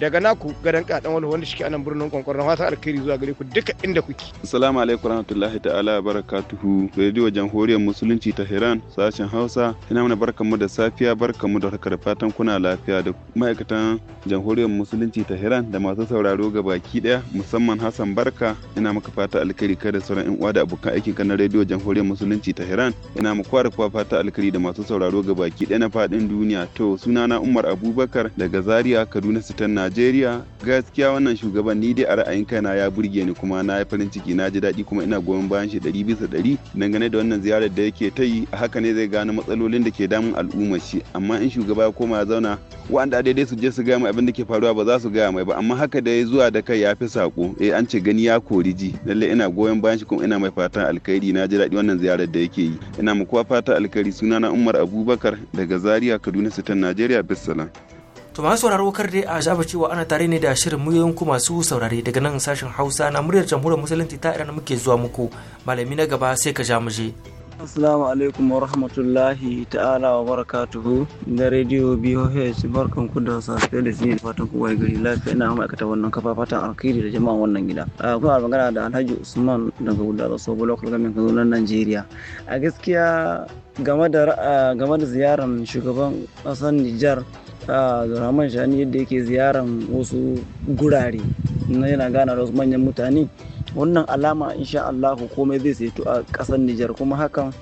[SPEAKER 7] daga naku gadan kaɗan wani wanda shi anan birnin na fata alkhairi zuwa gare ku duka inda kuke.
[SPEAKER 8] Assalamu alaikum warahmatullahi ta'ala barakatuhu radio jamhuriyar musulunci ta Iran sashen Hausa ina mana mu da safiya mu da harkar fatan kuna lafiya da ma'aikatan jamhuriyar musulunci ta Iran da masu sauraro ga baki daya musamman Hassan Barka ina maka fata alkhairi kai da sauran yan uwa da abokan aikin kan radio jamhuriyar musulunci ta Iran ina muku kwara kuwa fata alkhairi da masu sauraro ga baki daya na fadin duniya to sunana Umar Abubakar daga Zaria Kaduna Sitan Najeriya gaskiya wannan shugaban ni dai a ra'ayin kaina ya burge ni kuma na yi farin ciki na ji daɗi kuma ina goyon bayan shi ɗari bisa ɗari dangane da wannan ziyarar da yake ta yi a haka ne zai gano matsalolin da ke damun al'umma shi amma in shugaba ya koma ya zauna wanda daidai su je su gaya mai abin da ke faruwa ba za su gaya mai ba amma haka da ya zuwa da kai ya fi saƙo eh an ce gani ya kori ji lallai ina goyon bayan shi kuma ina mai fatan alkhairi na ji daɗi wannan ziyarar da yake yi ina mu kowa fata alkhairi sunana Umar Abubakar daga Zaria Kaduna Sitan Najeriya Bissalam
[SPEAKER 2] To masu sauraro kar dai a shafa cewa ana tare ne da shirin muyoyin ku masu saurare daga nan sashen Hausa na muryar jamhuriyar musulunci ta Iran muke zuwa muku. Malami na gaba sai ka ja mu je. Assalamu alaikum wa rahmatullahi ta'ala wa barakatuhu da rediyo BOH barkan ku da safe da sinye fatan ku wai gari lafiya ina ma'aikata wannan kafa fatan alkhairi da jama'an wannan gida. A kuna magana da Alhaji Usman daga Wuda da Sobo Local Government Kaduna Najeriya. A gaskiya game da game da ziyarar shugaban kasar Nijar Abdulrahman Shani yadda yake ziyaran wasu gurare na yana gana da wasu manyan mutane wannan alama insha Allah komai zai saito a ƙasar Nijar kuma hakan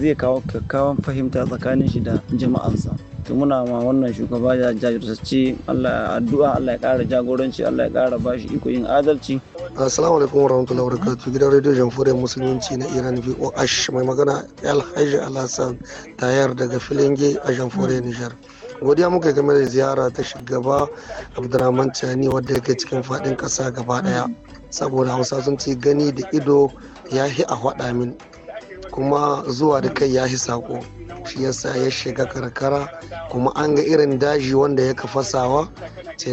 [SPEAKER 2] zai kawo kakkawan fahimta tsakanin shi da jama'ansa. to muna ma wannan
[SPEAKER 9] shugaba ya jajirtacce Allah addu'a Allah ya ƙara jagoranci Allah ya ƙara bashi iko yin adalci assalamu alaikum warahmatullahi wabarakatuh gidan rediyo jamhuriyar musulunci na Iran VOH mai magana Alhaji Alhassan tayar daga Filinge a jamhuriyar Nijar godiya muka game da ziyara ta shugaba abdurrahman tani wadda yake cikin fadin kasa gaba daya saboda hausa sun ci gani da ido ya yi a hada min kuma zuwa da kai ya yi saƙo shi yasa ya shiga karkara kuma an ga irin daji wanda ya kafasawa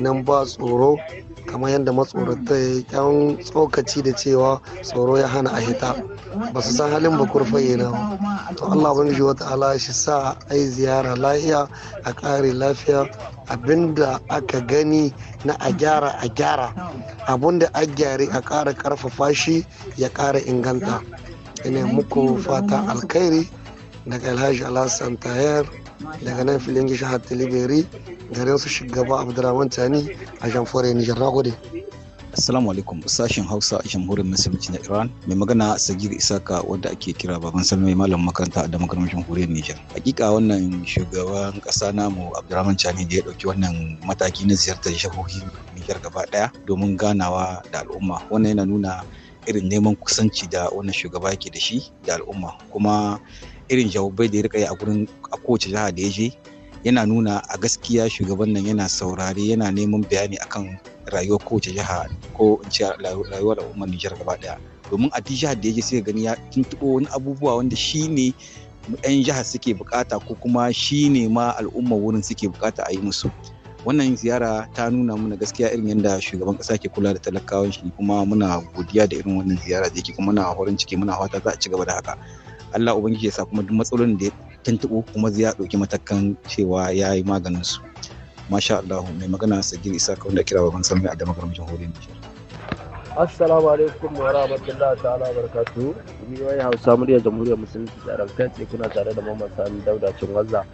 [SPEAKER 9] nan ba tsoro kamar yadda matsorata ya kyan tsokaci da cewa tsoro ya hana a hita ba su san halin bakur fayyana ba to allah ubangiji wata ala shi sa a yi ziyara lafiya a kare lafiya abinda aka gani na a gyara a gyara abinda a gyare a kara karfafa shi ya ƙara inganta ina muku fata alkhairi daga alhaji alhassan tayar daga nan filin gishahar tilibiri garin su shugaba abdurrahman tani a jamfore nijar nagode Assalamu
[SPEAKER 10] alaikum sashen Hausa a jamhuriyar Musulunci na Iran mai magana Sagir Isaka wadda ake kira baban Salmai malam makaranta da makarantar jamhuriyar Nijar. Hakika wannan shugaban kasa namu Abdurrahman Chani da ya dauki wannan mataki na ziyartar jihohin Nijar gaba daya domin ganawa da al'umma. Wannan yana nuna irin neman kusanci da wannan shugaba yake da shi da al'umma kuma irin jawabai da ya rika yi a gurin a kowace jiha da ya je yana nuna a gaskiya shugaban nan yana saurari yana neman bayani akan rayuwar kowace jiha ko in ce rayuwar al'ummar Nijar gaba daya domin a jihar da yake sai gani ya tuntuɓo wani abubuwa wanda shi 'yan jihar suke bukata ko kuma shi ma al'umma wurin suke bukata a yi musu wannan ziyara ta nuna mana gaskiya irin yadda shugaban kasa ke kula da talakawan shi kuma muna godiya da irin wannan ziyara da yake kuma muna horon ciki muna fata za a ci gaba da haka Allah ubangiji ya sa kuma duk matsalolin da Tuntubu, kuma zai ya ɗauki matakan cewa ya yi maganin su masha Allah mai magana sagir isa kawai da kira babban sami a damar jamhuriyar Nijar.
[SPEAKER 11] assalamu alaikum wa rahmatullahi ta'ala wa barakatu biyoyi hausa muryar jamhuriyar musulunci ran kai kuna tare da mamman sami dauda cin wazza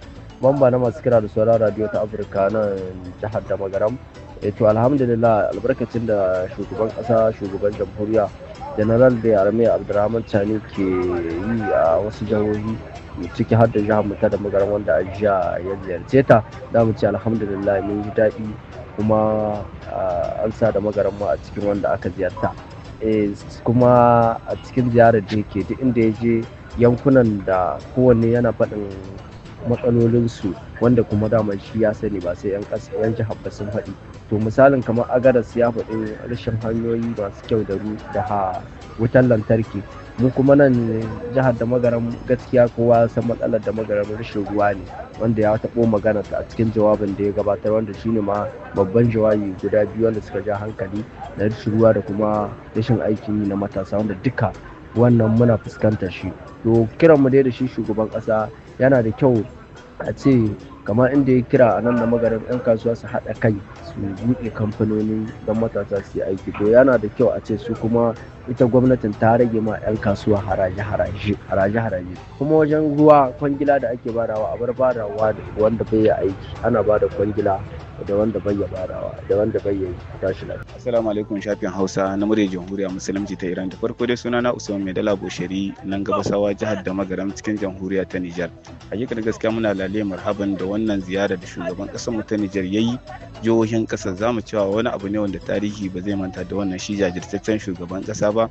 [SPEAKER 11] mamba na masu kira da sauran radio ta afirka nan jihar damagaram eto eh, alhamdulillah albarkacin da shugaban kasa shugaban jamhuriya general da armiya abdurrahman chani ke yi a wasu jihohi ciki har da jihar mu ta da magaran wanda a jiya ya ziyarce ta za mu ce alhamdulillah mun ji daɗi kuma an sa da magaran mu a cikin wanda aka ziyarta eh, kuma a cikin ziyarar da yake duk inda ya je yankunan da kowanne yana faɗin matsalolinsu wanda kuma dama shi ya sani ba sai 'yan jihar ba sun faɗi to misalin kamar agaras ya faɗi rashin hanyoyi masu kyau da wutar lantarki mu kuma nan jihar da magaran gaskiya kowa san matsalar da magaran rashin ruwa ne wanda ya taɓo magana a cikin jawabin da ya gabatar wanda shine ma babban jawabi guda biyu wanda suka ja hankali na rashin ruwa da kuma rashin aikin yi na matasa wanda duka wannan muna fuskantar shi to kiran mu dai da shi shugaban ƙasa yana da kyau a ce kamar inda ya kira a nan da magarin 'yan kasuwa su haɗa kai su buɗe kamfanoni don matasa su yi aiki to yana da kyau a ce su kuma ita gwamnatin ta rage ma 'yan kasuwa haraje-haraje kuma wajen ruwa kwangila da ake barawa a bar da wanda bai aiki ana ba da kwangila da wanda bai ya barawa da wanda bai ya tashi lafiya.
[SPEAKER 12] Assalamu alaikum shafin Hausa na murya jamhuriya Musulunci ta Iran da farko dai suna na Usman dala Bosheri nan gabasawa jihar da magaram cikin Jamhuriya ta Nijar. Hakikar gaskiya muna lalle marhaban da wannan ziyara da shugaban kasar mu ta Nijar ya yi. jihohin za zamu cewa wani abu ne wanda tarihi ba zai manta da wannan shi jajirtaccen shugaban kasa ba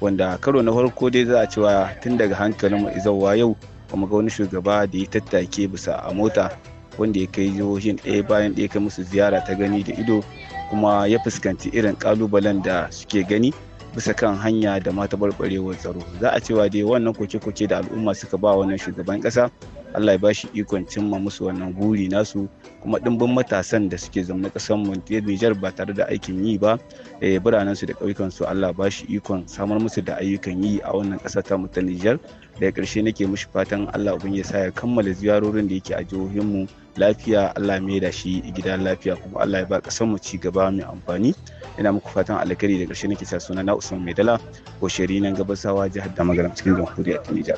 [SPEAKER 12] wanda karo na farko dai za a cewa tun daga hankalin mu izawa yau kuma ga wani shugaba da ya tattake bisa a mota wanda ya kai jihohin ɗaya bayan ɗaya kai musu ziyara ta gani da ido kuma ya fuskanci irin kalubalen da suke gani bisa kan hanya da mata barbarewar tsaro za a cewa dai wannan koke-koke da al'umma suka ba wannan shugaban ƙasa Allah ya bashi ikon cimma musu wannan buri nasu kuma dimbin matasan da suke zama kasan mu Nijar ba tare da aikin yi ba eh, biranen su da ƙauyukan su Allah ya bashi ikon samar musu da ayyukan yi a wannan ƙasa ta mu ta Nijar daga ƙarshe nake mishi fatan Allah ubun ya sa ya kammala ziyarorin da yake a jihohin mu lafiya Allah mai da shi gida lafiya kuma Allah ya ba ƙasar mu ci gaba mai amfani ina muku fatan alkhairi da ƙarshe nake sa suna na Usman Maidala ko shiri nan gabasawa jihar Damagaram cikin jamhuriyar Nijar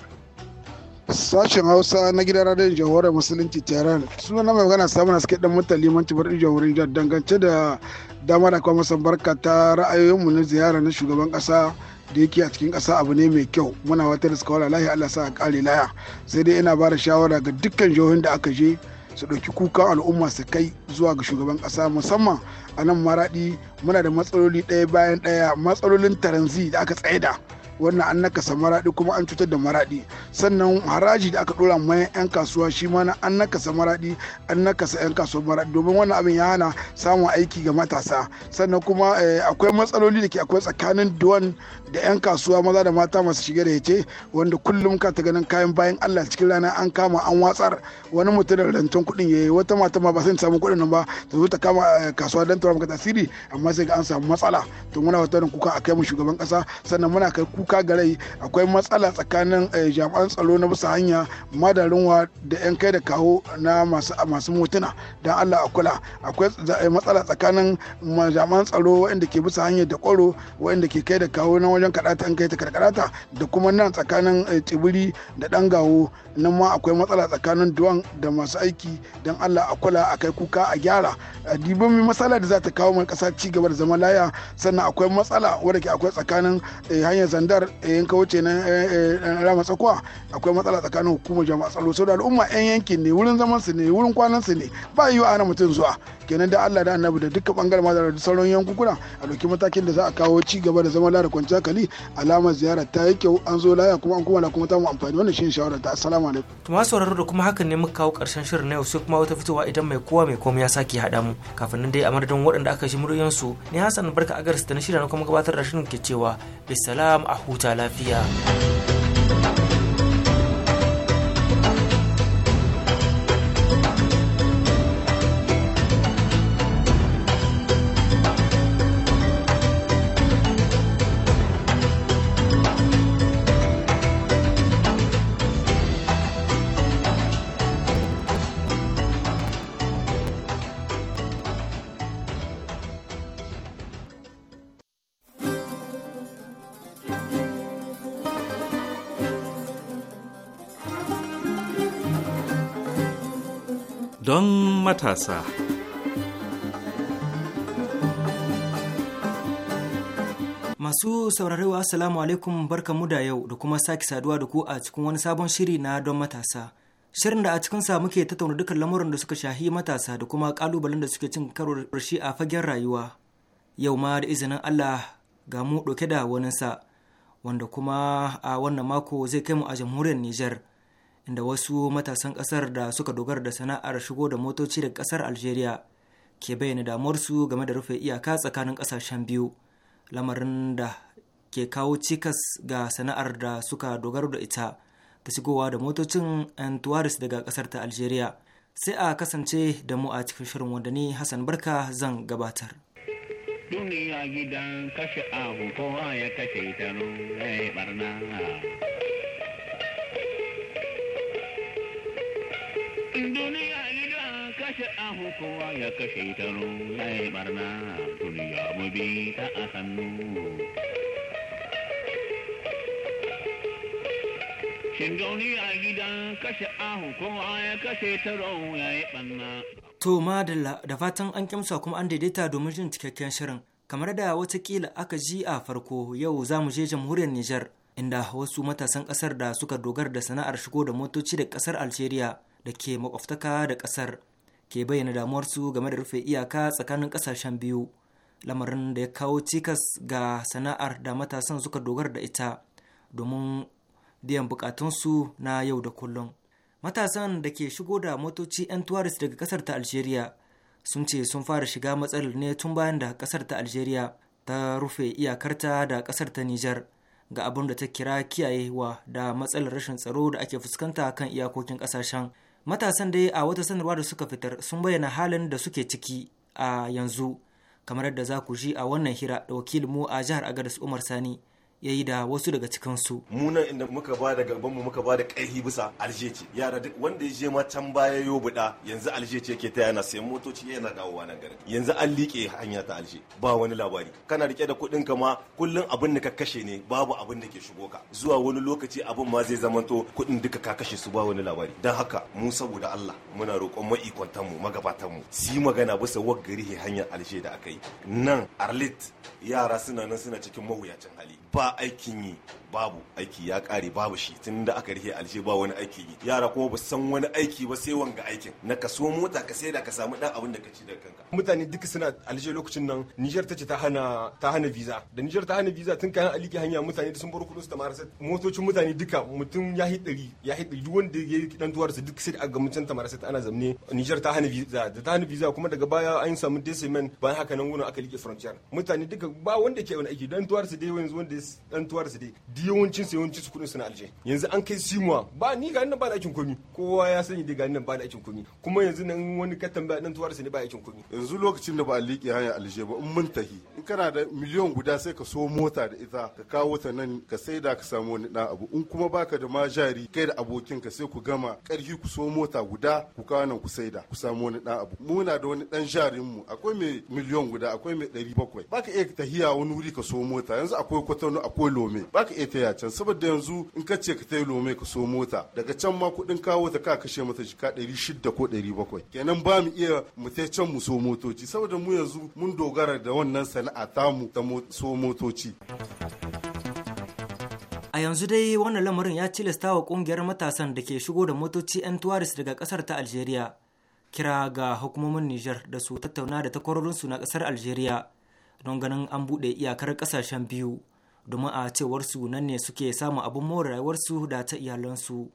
[SPEAKER 13] Sashen Hausa na gidan radiyon Jamhuriyar Musulunci Tehran. Suna na magana samun na dan mutan limanci barin jamhuriyar jihar dangance da dama da kuma barka ta ra'ayoyinmu na ziyara na shugaban kasa da yake a cikin kasa abu ne mai kyau muna wata da suka wala lahi Allah sa a kare laya sai dai ina bada shawara ga dukkan jihohin da aka je su ɗauki kukan al'umma su kai zuwa ga shugaban kasa musamman a nan maraɗi muna da matsaloli ɗaya bayan ɗaya matsalolin taranzi da aka tsaida wannan an nakasa maraɗi kuma an cutar da maraɗi sannan haraji da aka ɗora ma 'yan kasuwa shi ma na an nakasa maraɗi an nakasa 'yan kasuwa maraɗi domin wannan abin ya hana samun aiki ga matasa sannan kuma eh, akwai matsaloli da ke akwai tsakanin duwan da 'yan kasuwa maza da mata masu shiga da yace wanda kullum ka ta ganin kayan bayan Allah cikin rana an kama an watsar wani mutum da rantun kuɗin ya yi wata mata ma ba sai ta samu kuɗin nan ba ta zo ta kama eh, kasuwa don ta maka tasiri amma sai ga an samu matsala to muna wata kuka a kai mu shugaban kasa sannan muna kai kuka ga rai akwai matsala tsakanin eh, jami'an tsaro na bisa hanya madarinwa da 'yan kai da kawo na masu motuna don allah a kula akwai eh, matsala tsakanin jami'an tsaro waɗanda ke bisa hanya da kwaro waɗanda ke kai da kawo na wajen kaɗata an kai ta karkarata da kuma nan tsakanin eh, tsibiri da dan gawo nan ma akwai matsala tsakanin duwan da masu aiki don allah a kula a kai kuka a gyara dibin matsala da za ta kawo mai kasa ci gaba da zama laya sannan akwai matsala wadda ke akwai tsakanin hanyar zandar jihar eh, in ka wuce eh, eh, na rama tsakuwa akwai matsala tsakanin hukumar jama'a tsaro saboda al'umma yan yankin ne wurin zaman su ne wurin kwanan su ne ba yiwu ana mutum zuwa kenan da Allah da Annabi da dukkan bangaren ma da sauran yankuna a dauki matakin da za a kawo ci gaba da zaman lada kwanciyar kali alamar ziyara ta yi kyau an zo laya kuma an kuma da kuma ta mu amfani wannan shi shawara ta assalamu alaikum
[SPEAKER 2] to masu sauraro da kuma hakan ne muka kawo karshen shirin na yau sai kuma wata fitowa idan mai kowa mai komai ya sake haɗa mu kafin nan dai a madadin waɗanda aka shi muryansu su ne Hassan barka agarsu da na shirya na kuma gabatar da shirin ke cewa bisalam a huta lafiya. matasa. Masu saurarewa Assalamu alaikum barkanmu da yau da kuma sake saduwa da ku a cikin wani sabon shiri na don matasa. Shirin da a cikinsa muke tattauna dukkan lamuran da suka shahi matasa da kuma kalubalen da suke cin karo da shi a fagen rayuwa. Yau ma da izinin Allah ga mu ɗauke da waninsa wanda kuma a wannan mako zai kai mu a jamhuriyar Nijar. inda wasu matasan ƙasar da suka dogara da sana'ar shigo da motoci daga ƙasar algeria ke bayyana damuwarsu game da rufe iyaka tsakanin ƙasashen biyu lamarin da ke kawo cikas ga sana'ar da suka dogara da ita ta shigowa da motocin 'yan tuwaris daga kasar ta algeria sai a kasance da mu a cikin shirin wanda ni hassan barka zan gabatar
[SPEAKER 9] duniya gidan kashe
[SPEAKER 11] abu kowa ya kashe ita barna
[SPEAKER 12] duniya gida kashe ahu
[SPEAKER 11] kowa ya kashe ta ya yi barna duniya mu bi ta a
[SPEAKER 12] shin duniya gida kashe ahu kowa ya kashe ta ya yi barna
[SPEAKER 2] to madalla da fatan an kyamsa kuma an daidaita domin jin cikakken shirin kamar da watakila aka ji a farko yau za mu je jamhuriyar nijar inda wasu matasan kasar da suka dogara da sana'ar shigo da motoci da kasar algeria da ke makwabtaka da ƙasar ke bayyana damuwarsu game da rufe iyaka tsakanin ƙasashen biyu lamarin da ya kawo cikas ga sana'ar da matasan suka dogara da ita domin biyan bukatunsu na yau da kullum matasan da ke shigo da motoci 'yan tuwaris daga kasar ta algeria sun ce sun fara shiga matsalar ne tun bayan da kasar ta algeria ta rufe iyakarta da kasar ta nijar ga abin da ta kira kiyayewa da matsalar rashin tsaro da ake fuskanta kan iyakokin kasashen matasan dai a wata sanarwa da suka fitar sun bayyana halin da suke ciki a yanzu kamar yadda za ku ji a wannan hira da wakilinmu a jihar agadas umar sani ya yi da wasu daga cikin su. Munan
[SPEAKER 8] inda muka ba da gabanmu muka ba da ƙarfi bisa aljeci yara duk wanda ya je ma can baya yau buɗa yanzu aljeci yake ta yana sayan motoci yana dawowa nan garin yanzu an liƙe hanya ta alje ba wani labari kana rike da kuɗin ka ma kullum abin da ka kashe ne babu abin da ke shigo ka zuwa wani lokaci abin ma zai zama to kuɗin duka ka kashe su ba wani labari don haka mu saboda Allah muna roƙon maikontan mu magabatan mu si magana bisa wagari hanyar alje da aka yi nan arlit yara suna nan suna cikin mawuyacin hali ba aikin yi babu aiki ya kare babu shi tun da aka rike alshe ba wani aiki yi yara kuma ba san wani aiki ba sai wanga aikin na ka so mota ka sai da ka samu dan
[SPEAKER 14] abin da ka ci da kanka mutane duka suna alshe lokacin nan Niger ce ta hana ta hana visa da Niger ta hana visa tun kayan aliki hanya mutane da sun bar kudin su da marasa motocin mutane duka mutum ya hi dari ya hi dari wanda ya yi dan tuwar su duk sai a ga mutum ta marasa ana zamne Niger ta hana visa da ta hana visa kuma daga baya an samu decimen bayan haka nan gudun aka like frontier mutane duka ba wanda ke wani aiki dan tuwar su dai yanzu wanda dan tuwar su dai yawancin su yawancin su kudin su alje yanzu an kai simuwa ba ni ga nan ba da aikin komi kowa ya sani dai ga nan ba da aikin komi kuma yanzu nan wani ka tambaya dan tuwar
[SPEAKER 8] ne ba aikin komi yanzu lokacin da ba a liƙe hanya alje ba in muntahi tahi in kana da miliyon guda sai ka so mota da ita ka kawo ta nan ka saida ka samu wani dan abu in kuma baka da ma jari kai da abokin ka sai ku gama karfi ku so mota guda ku kawo nan ku saida ku samu wani dan abu muna da wani dan jarin mu akwai mai miliyon guda akwai mai 700 baka iya tahiya wani wuri ka so mota yanzu akwai kwatano akwai lome baka iya ta ya can saboda yanzu in ka ce ka ta yi lome ka so mota daga can ma kuɗin kawo ta ka kashe mata jika ɗari shida ko ɗari bakwai kenan ba mu iya mu ta can mu so motoci saboda mu yanzu mun dogara da wannan sana'a tamu ta so motoci.
[SPEAKER 2] A yanzu dai wannan lamarin ya cilasta wa kungiyar matasan da ke shigo da motoci 'yan tuwaris daga kasar ta Algeria kira ga hukumomin Nijar da su tattauna da takwarorinsu na kasar Algeria don ganin an buɗe iyakar kasashen biyu. domin a cewarsu nan ne suke samun abin more rayuwarsu da ta iyalansu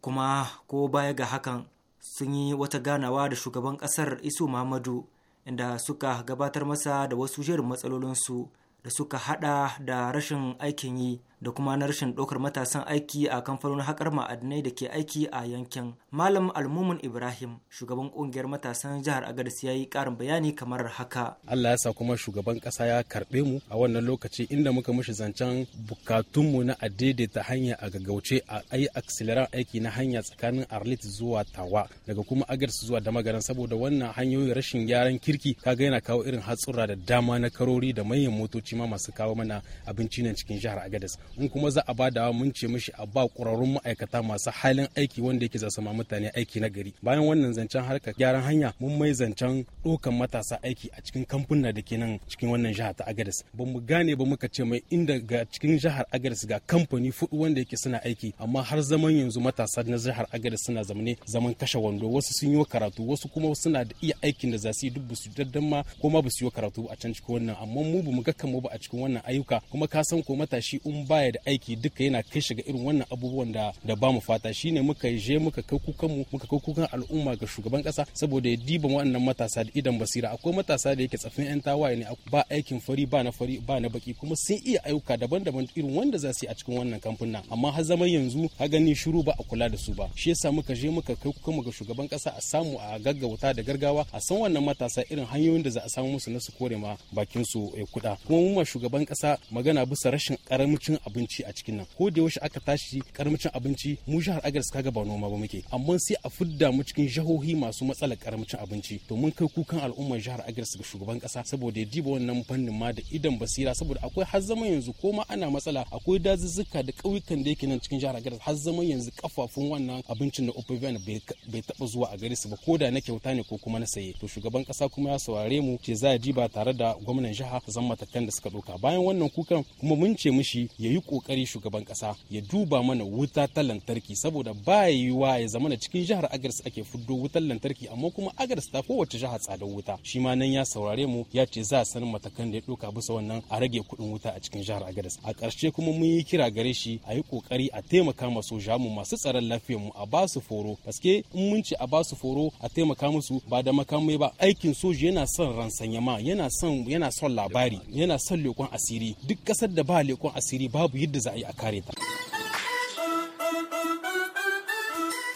[SPEAKER 2] kuma ko baya ga hakan sun yi wata ganawa da shugaban kasar isu muhammadu inda suka gabatar masa da wasu jerin matsalolinsu da suka hada da rashin aikin yi da kuma na rashin ɗaukar matasan aiki a kamfanonin haƙar ma'adinai da ke aiki a yankin. Malam Almumun Ibrahim, shugaban ƙungiyar matasan jihar Agadis ya yi ƙarin bayani kamar haka.
[SPEAKER 15] Allah ya sa kuma shugaban ƙasa ya karɓe mu a wannan lokaci inda muka mushi zancen bukatunmu na a hanya a gaggauce a ayi aksilaran aiki na hanya tsakanin Arlit zuwa Tawa daga kuma Agadis zuwa Damagaran saboda wannan hanyoyin rashin gyaran kirki kaga yana kawo irin hatsura da dama na karori da manyan motoci ma masu kawo mana abinci nan cikin jihar Agadis. in kuma za a badawa mun ce mishi a ba ƙwararrun ma'aikata masu halin aiki wanda yake za sama mutane aiki na gari bayan wannan zancen harkar gyaran hanya mun mai zancen ɗaukan matasa aiki a cikin kamfuna da ke nan cikin wannan jihar ta agadis ba mu gane ba muka ce mai inda ga cikin jihar agadis ga kamfani fudu wanda yake suna aiki amma har zaman yanzu matasa na jihar agadis suna zamane zaman kashe wando wasu sun yi karatu wasu kuma suna da iya aikin da za su yi duk basu daddan ma ko ma basu yi karatu a can cikin wannan amma mu bamu ga kanmu ba a cikin wannan ayyuka kuma ka san ko matashi in ba baya da aiki duka yana kai shiga irin wannan abubuwan da da ba mu fata shine muka je muka kai kukan mu muka kai kukan al'umma ga shugaban kasa saboda ya diba wannan matasa da idan basira akwai matasa da yake tsafin yan tawaye ne ba aikin fari ba na fari ba na baki kuma sun iya ayyuka daban-daban irin wanda za su yi a cikin wannan kamfanin amma har zaman yanzu ha gani shiru ba a kula da su ba shi yasa muka je muka kai kukan mu ga shugaban kasa a samu a gaggauta da gargawa a san wannan matasa irin hanyoyin da za a samu musu na su kore ma bakin su eh, kuɗa kuma mu ma shugaban kasa magana bisa rashin karamcin abinci a cikin nan ko da yaushe aka tashi karamcin abinci mu jihar agadas kaga ba noma ba muke amma sai a fidda mu cikin jihohi masu matsalar karamcin abinci to mun kai kukan al'ummar jihar agadas ga shugaban kasa saboda ya diba wannan fannin ma da idan basira saboda akwai har zaman yanzu ko ma ana matsala akwai dazuzzuka da ƙauyukan da yake nan cikin jihar agadas har zaman yanzu kafafun wannan abincin na opvn bai taɓa zuwa a gare su ba ko da na kyauta ne ko kuma na saye to shugaban kasa kuma ya saurare mu ce za a diba tare da gwamnan jiha zan matakan da suka ɗauka bayan wannan kukan kuma mun ce mishi ya yi kokari shugaban kasa ya duba mana wuta ta lantarki saboda ba yiwuwa ya zama na cikin jihar agars ake fuddo wutar lantarki amma kuma agars ta kowace jihar tsadar wuta shi ma nan ya saurare mu ya ce za a san matakan da ya doka bisa wannan a rage kuɗin wuta a cikin jihar agars a ƙarshe kuma mun yi kira gare shi a yi kokari a taimaka ma sojamu masu tsaron lafiyar mu a ba su foro paske in mun ce a ba su foro a taimaka musu ba da makamai ba aikin soja yana son ransanyama yana son yana son labari yana son lekon asiri duk
[SPEAKER 2] ƙasar da ba lekon asiri ba babu yadda za a yi a kare ta.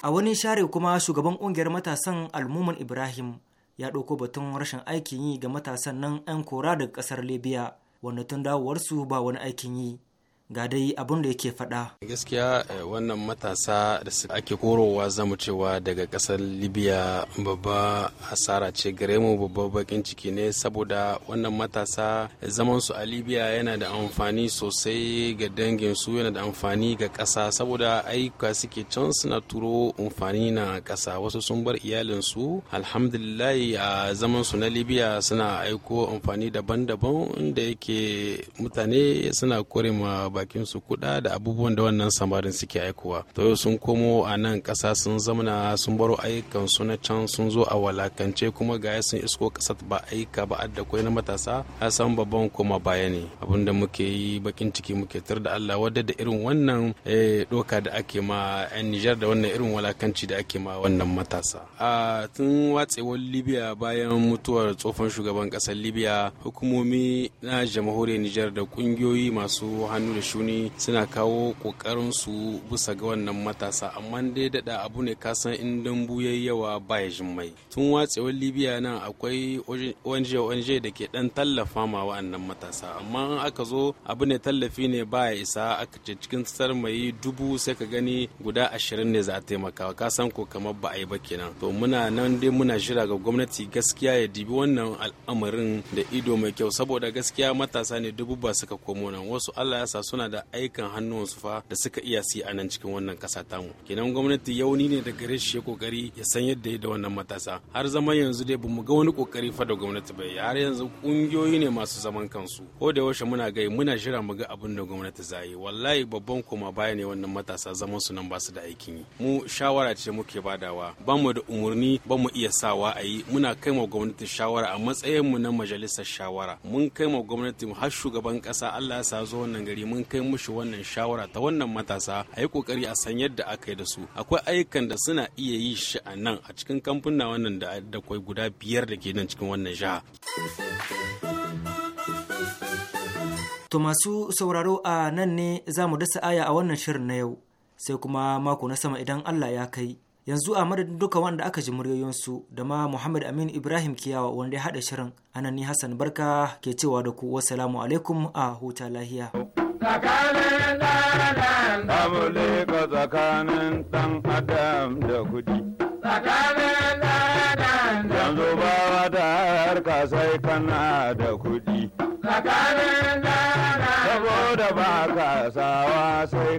[SPEAKER 2] A wani share kuma shugaban ƙungiyar matasan Almuman Ibrahim ya ɗauko batun rashin aikin yi ga matasan nan 'yan kora daga ƙasar Libya wanda tun dawowarsu ba wani aikin yi. ga dai abin da yake faɗa.
[SPEAKER 15] gaskiya eh, wannan matasa da ake korowa zamu cewa daga ƙasar libya babba asara ce gare mu babba bakin ciki ne saboda wannan matasa zaman su a libya yana da amfani sosai ga dangin su yana da amfani ga ƙasa saboda ayyuka suke can suna turo amfani na ƙasa wasu sun bar iyalin su alhamdulillahi a zaman su na libya suna aiko amfani daban-daban inda yake mutane suna kore ma bakin su kuɗa da abubuwan da wannan samarin suke aikowa to yau sun komo a nan ƙasa sun zamana sun baro ayyukan su na can sun zo a walakance kuma ga sun isko ƙasar ba aika ba adda kwai na matasa a san babban koma baya ne abin da muke yi bakin ciki muke tar da Allah wadda da irin wannan eh, doka da ake ma 'yan Nijar da wannan irin walakanci da ake ma wannan matasa a tun watsewar Libya bayan mutuwar tsofan shugaban ƙasar Libya hukumomi na jamhuriyar Nijar da ƙungiyoyi masu hannu da shuni suna kawo kokarin su bisa ga wannan matasa amma dai dada abu ne kasan in dambu yayi yawa ba ya jin mai tun watsewar libya nan akwai wanje wanje da ke dan tallafa ma wa'annan matasa amma in aka zo abu ne tallafi ne ba isa aka ce cikin tsar mai dubu sai ka gani guda ashirin ne za a taimaka ka san ko kamar ba a yi ba kenan to muna nan dai muna jira ga gwamnati gaskiya ya dibi wannan al'amarin da ido mai kyau saboda gaskiya matasa ne dubu ba suka komo nan wasu Allah ya sa suna suna da aikan hannuwansu fa da suka iya si a nan cikin wannan kasa tamu kenan gwamnati yauni ne da gare shi ya kokari ya san yadda ya da wannan matasa har zama yanzu dai bamu ga wani kokari fa da gwamnati bai har yanzu kungiyoyi ne masu zaman kansu ko da yaushe muna gai muna shira mu ga abin da gwamnati za yi wallahi babban koma baya ne wannan matasa zaman su nan ba su da aikin yi mu shawara ce muke badawa bamu da umurni bamu iya sawa a yi muna kai ma gwamnati shawara a matsayin mu na majalisar shawara mun kai ma gwamnati har shugaban kasa Allah ya sa zo wannan gari mun kai mushi wannan shawara ta wannan matasa a yi kokari a san yadda aka yi da su akwai ayyukan da suna iya yi shi a nan a cikin kamfuna wannan da akwai guda biyar da ke nan cikin wannan jiha.
[SPEAKER 2] To masu sauraro a nan ne za mu dasa aya a wannan shirin na yau sai kuma mako na sama idan Allah ya kai. yanzu a madadin duka wanda aka ji muryoyinsu da ma muhammad amin ibrahim kiyawa wanda ya haɗa shirin anani hassan barka ke cewa da ku wasalamu alaikum a huta lahiya
[SPEAKER 16] tsakanin
[SPEAKER 14] ɗan adam da kudi yanzu ba wata harka sai kana da kudi
[SPEAKER 16] saboda
[SPEAKER 14] ba ka sawa sai